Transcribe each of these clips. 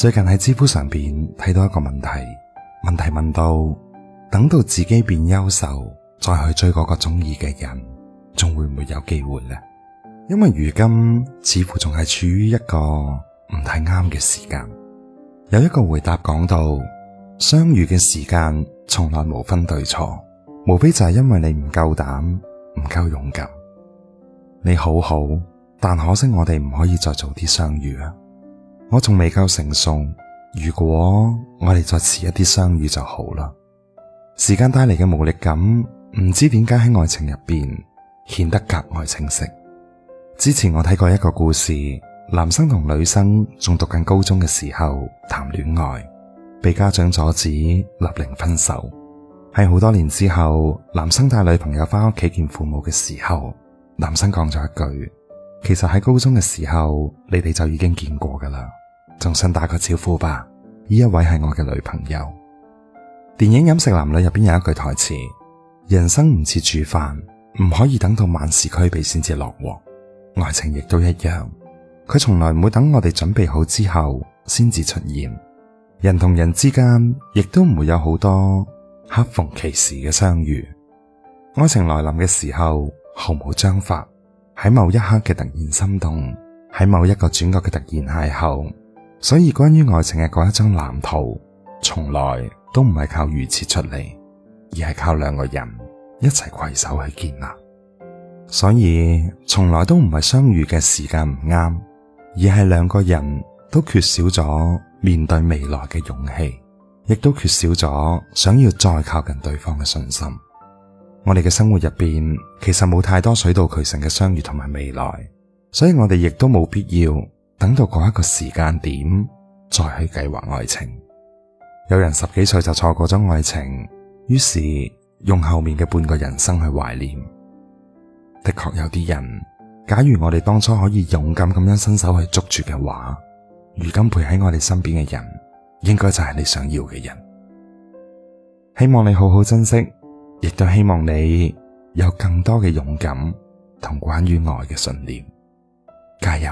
最近喺知乎上邊睇到一個問題，問題問到：等到自己變優秀再去追嗰個中意嘅人，仲會唔會有機會咧？因為如今似乎仲係處於一個唔太啱嘅時間。有一個回答講到：相遇嘅時間從來無分對錯，無非就係因為你唔夠膽，唔夠勇敢。你好好，但可惜我哋唔可以再早啲相遇啊！我仲未夠成熟，如果我哋再遲一啲相遇就好啦。時間帶嚟嘅無力感，唔知點解喺愛情入邊顯得格外清晰。之前我睇過一個故事，男生同女生仲讀緊高中嘅時候談戀愛，被家長阻止，勒令分手。喺好多年之後，男生帶女朋友翻屋企見父母嘅時候，男生講咗一句：其實喺高中嘅時候，你哋就已經見過噶啦。仲想打個招呼吧？呢一位係我嘅女朋友。電影《飲食男女》入邊有一句台詞：人生唔似煮飯，唔可以等到萬事俱備先至落鑊。愛情亦都一樣，佢從來唔會等我哋準備好之後先至出現。人同人之間亦都唔會有好多恰逢其時嘅相遇。愛情來臨嘅時候毫無章法，喺某一刻嘅突然心動，喺某一個轉角嘅突然邂逅。所以，關於愛情嘅嗰一張藍圖，從來都唔係靠預設出嚟，而係靠兩個人一齊攜手去建立。所以，從來都唔係相遇嘅時間唔啱，而係兩個人都缺少咗面對未來嘅勇氣，亦都缺少咗想要再靠近對方嘅信心。我哋嘅生活入邊，其實冇太多水到渠成嘅相遇同埋未來，所以我哋亦都冇必要。等到嗰一個時間點，再去計劃愛情。有人十幾歲就錯過咗愛情，於是用後面嘅半個人生去懷念。的確有啲人，假如我哋當初可以勇敢咁樣伸手去捉住嘅話，如今陪喺我哋身邊嘅人，應該就係你想要嘅人。希望你好好珍惜，亦都希望你有更多嘅勇敢同關於愛嘅信念。加油！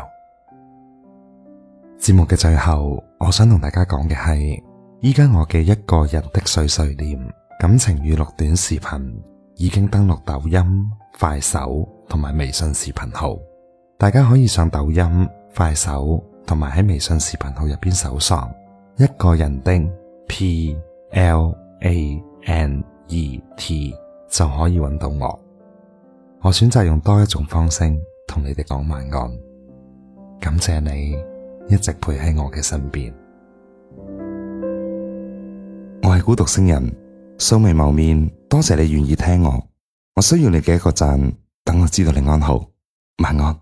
節目嘅最後，我想同大家講嘅係，依家，我嘅一個人的碎碎念感情語錄短視頻已經登錄抖音、快手同埋微信視頻號，大家可以上抖音、快手同埋喺微信視頻號入邊搜索一個人的 P L A N E T 就可以揾到我。我選擇用多一種方式同你哋講晚安，感謝你。一直陪喺我嘅身邊，我係孤獨星人，素未謀面，多謝你願意聽我，我需要你嘅一個讚，等我知道你安好，晚安。